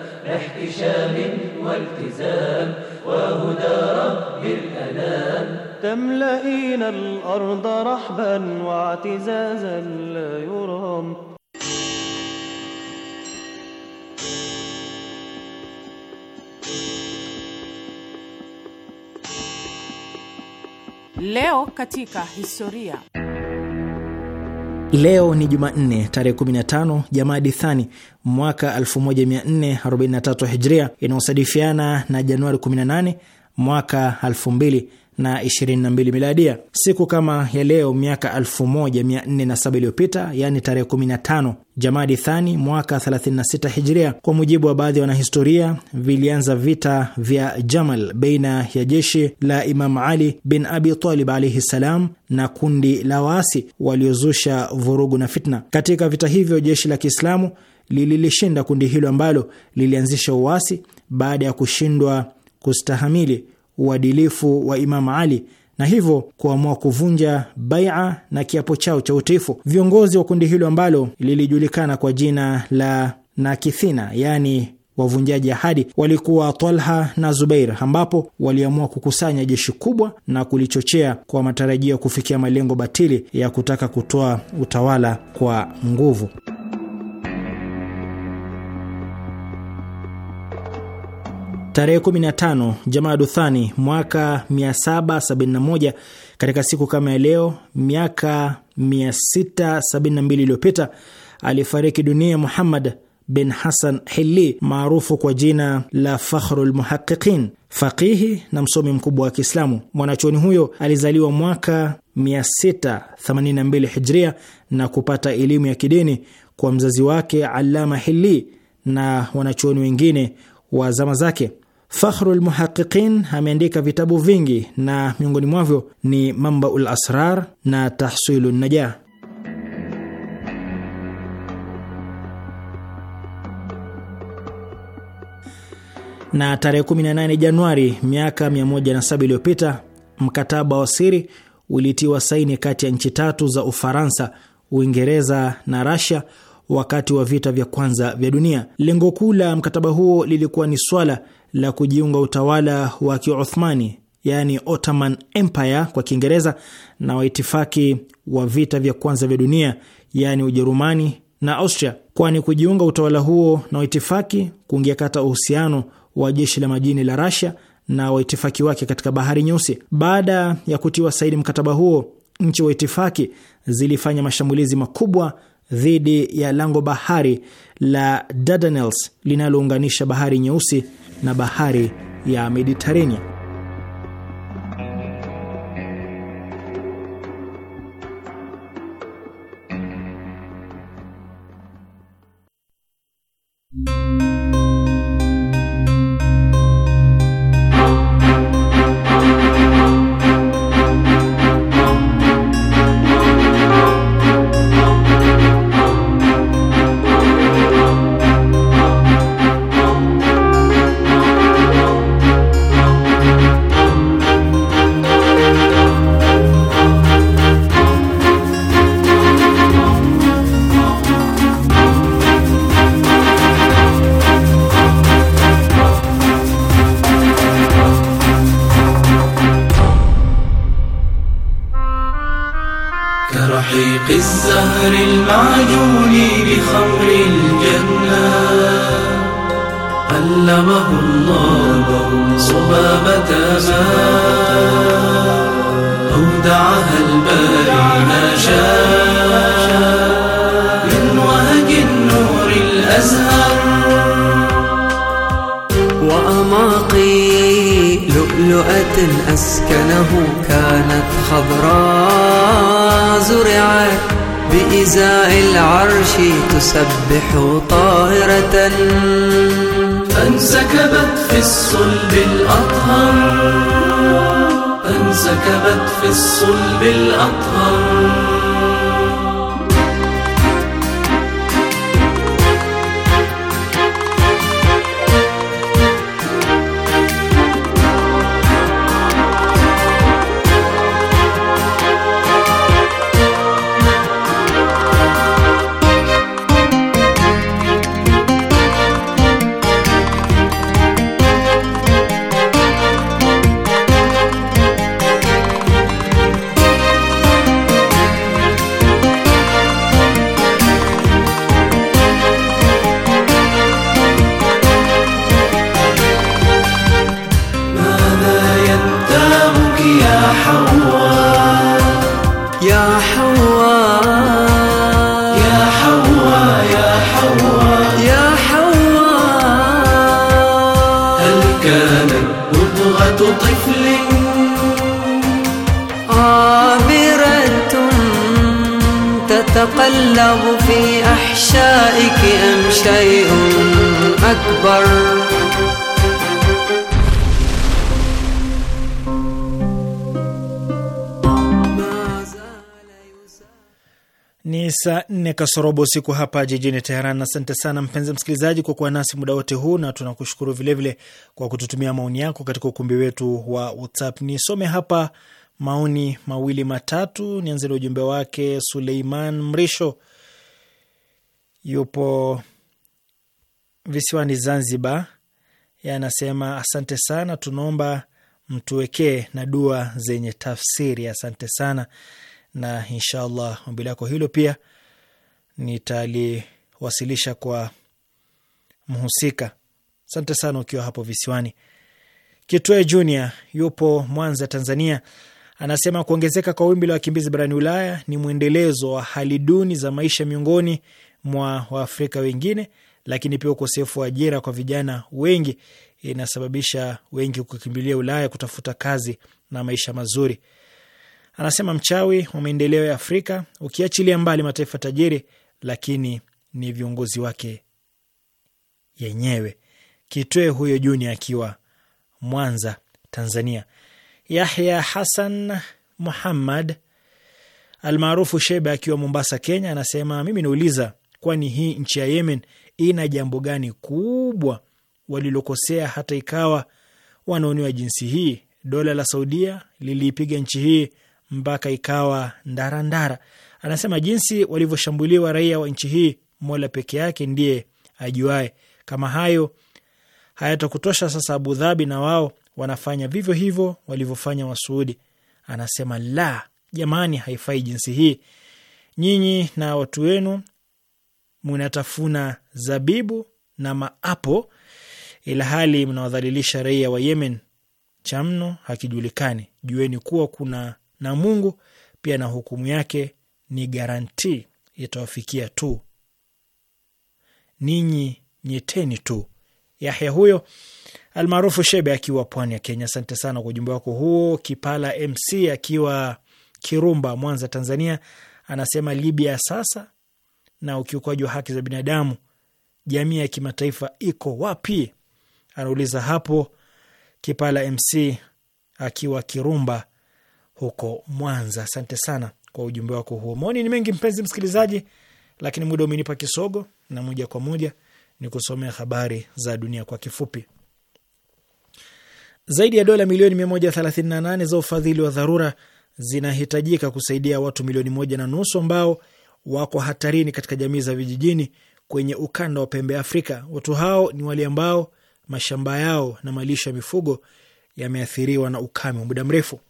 والتزام وهدى رب الأنام تملئين الأرض رحبا واعتزازا لا يرام Leo katika historia. Leo ni Jumanne tarehe 15 Jamadi Thani mwaka 1443 Hijria, inayosadifiana na Januari 18 mwaka na 22 miladia. Siku kama ya leo miaka 1407 iliyopita, yani tarehe 15 Jamadi Thani mwaka 36 Hijria, kwa mujibu wa baadhi ya wanahistoria, vilianza vita vya Jamal baina ya jeshi la Imam Ali bin Abi Talib alaihi ssalam na kundi la waasi waliozusha vurugu na fitna. Katika vita hivyo jeshi la Kiislamu lililishinda kundi hilo ambalo lilianzisha uasi baada ya kushindwa kustahamili uadilifu wa Imamu Ali na hivyo kuamua kuvunja baia na kiapo chao cha utiifu. Viongozi wa kundi hilo ambalo lilijulikana kwa jina la Nakithina, yaani wavunjaji ahadi, walikuwa Talha na Zubair, ambapo waliamua kukusanya jeshi kubwa na kulichochea kwa matarajio ya kufikia malengo batili ya kutaka kutoa utawala kwa nguvu. Tarehe 15 Jamadu Thani mwaka 771, katika siku kama ya leo miaka 672 iliyopita alifariki dunia Muhammad bin Hassan Hilli maarufu kwa jina la Fakhrul Muhaqiqin, faqihi na msomi mkubwa wa Kiislamu. Mwanachuoni huyo alizaliwa mwaka 682 Hijria na kupata elimu ya kidini kwa mzazi wake Allama Hilli na wanachuoni wengine wa zama zake. Fakhrul Muhaqiqin ameandika vitabu vingi na miongoni mwavyo ni Mambaul Asrar na Tahsilu Naja. Na tarehe 18 Januari miaka 107 iliyopita mkataba wa siri ulitiwa saini kati ya nchi tatu za Ufaransa, Uingereza na Rasia wakati wa vita vya kwanza vya dunia. Lengo kuu la mkataba huo lilikuwa ni swala la kujiunga utawala wa Kiothmani yaani Ottoman Empire kwa Kiingereza na waitifaki wa vita vya kwanza vya dunia yaani Ujerumani na Austria, kwani kujiunga utawala huo na waitifaki kungekata uhusiano wa jeshi la majini la Russia na waitifaki wake katika bahari nyeusi. Baada ya kutiwa saini mkataba huo, nchi waitifaki zilifanya mashambulizi makubwa dhidi ya lango bahari la Dardanelles linalounganisha bahari nyeusi na bahari ya Mediterania. saa nne kasorobo usiku hapa jijini Teheran. Asante sana mpenzi msikilizaji kwa kuwa nasi muda wote huu, na tunakushukuru vilevile kwa kututumia maoni yako katika ukumbi wetu wa WhatsApp. Nisome hapa maoni mawili matatu, nianze na ujumbe wake Suleiman Mrisho, yupo visiwani Zanzibar. Yanasema asante sana, tunaomba mtuwekee na dua zenye tafsiri. Asante sana na inshallah ombi lako hilo pia nitaliwasilisha kwa mhusika. Asante sana ukiwa hapo visiwani. Kitwe Junior yupo Mwanza, Tanzania, anasema kuongezeka kwa wimbi la wakimbizi barani Ulaya ni mwendelezo wa hali duni za maisha miongoni mwa Waafrika wengine, lakini pia ukosefu wa ajira kwa vijana wengi inasababisha wengi kukimbilia Ulaya kutafuta kazi na maisha mazuri. Anasema mchawi wa maendeleo ya Afrika, ukiachilia mbali mataifa tajiri, lakini ni viongozi wake yenyewe. kitwe huyo Juni akiwa Mwanza, Tanzania. Yahya Hasan Muhammad almaarufu Shebe akiwa Mombasa, Kenya, anasema mimi nauliza, kwani hii nchi ya Yemen ina jambo gani kubwa walilokosea hata ikawa wanaoniwa jinsi hii? Dola la Saudia liliipiga nchi hii mpaka ikawa ndarandara ndara. Anasema jinsi walivyoshambuliwa raia wa nchi hii, Mola peke yake ndiye ajuae. Kama hayo hayatakutosha, sasa Abu Dhabi na wao wanafanya vivyo hivyo walivyofanya Wasuudi. Anasema la jamani, haifai jinsi hii. Nyinyi na watu wenu munatafuna zabibu na maapo, ila hali mnawadhalilisha raia wa Yemen. Chamno hakijulikani. Jueni kuwa kuna na Mungu pia na hukumu yake ni garanti itawafikia tu, ninyi nyeteni tu. Yahya huyo almaarufu Shebe akiwa pwani ya Kenya. Asante sana kwa ujumbe wako huo. Kipala MC akiwa Kirumba, Mwanza, Tanzania, anasema Libya sasa na ukiukwaji wa haki za binadamu, jamii ya kimataifa iko wapi? Anauliza hapo Kipala MC akiwa Kirumba huko Mwanza. Asante sana kwa ujumbe wako huo. Maoni ni mengi mpenzi msikilizaji, lakini muda umenipa kisogo, na moja kwa moja ni kusomea habari za dunia kwa kifupi. Zaidi ya dola milioni 138 za ufadhili wa dharura zinahitajika kusaidia watu milioni moja na nusu ambao wako hatarini katika jamii za vijijini kwenye ukanda wa pembe Afrika. Watu hao ni wale ambao mashamba yao na malisho ya mifugo yameathiriwa na ukame wa muda mrefu.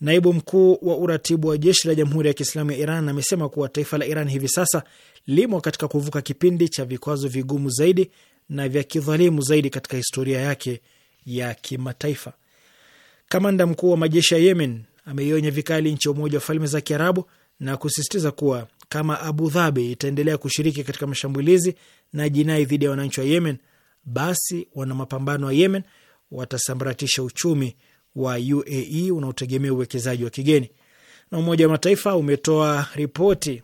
Naibu mkuu wa uratibu wa jeshi la Jamhuri ya Kiislamu ya Iran amesema kuwa taifa la Iran hivi sasa limo katika kuvuka kipindi cha vikwazo vigumu zaidi na vya kidhalimu zaidi katika historia yake ya kimataifa. Kamanda mkuu wa majeshi ya Yemen ameionya vikali nchi ya Umoja wa Falme za Kiarabu na kusisitiza kuwa kama Abu Dhabi itaendelea kushiriki katika mashambulizi na jinai dhidi ya wananchi wa Yemen, basi wana mapambano wa Yemen watasambaratisha uchumi wa UAE unaotegemea uwekezaji wa kigeni. Na Umoja wa Mataifa umetoa ripoti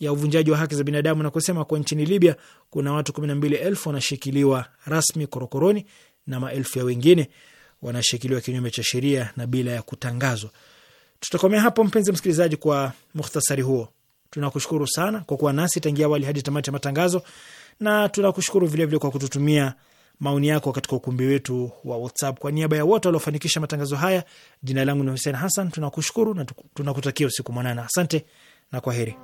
ya uvunjaji wa haki za binadamu na kusema kwa nchini Libya kuna watu kumi na mbili elfu wanashikiliwa rasmi korokoroni na maelfu ya wengine wanashikiliwa kinyume cha sheria na bila ya kutangazwa. Tutakomea hapo mpenzi msikilizaji, kwa mukhtasari huo. Tunakushukuru sana kwa kuwa nasi tangia awali hadi tamati ya matangazo, na tunakushukuru vilevile kwa kututumia maoni yako katika ukumbi wetu wa WhatsApp. Kwa niaba ya wote waliofanikisha matangazo haya, jina langu ni Hussein Hassan. Tunakushukuru na tunakutakia usiku mwanana. Asante na kwa heri.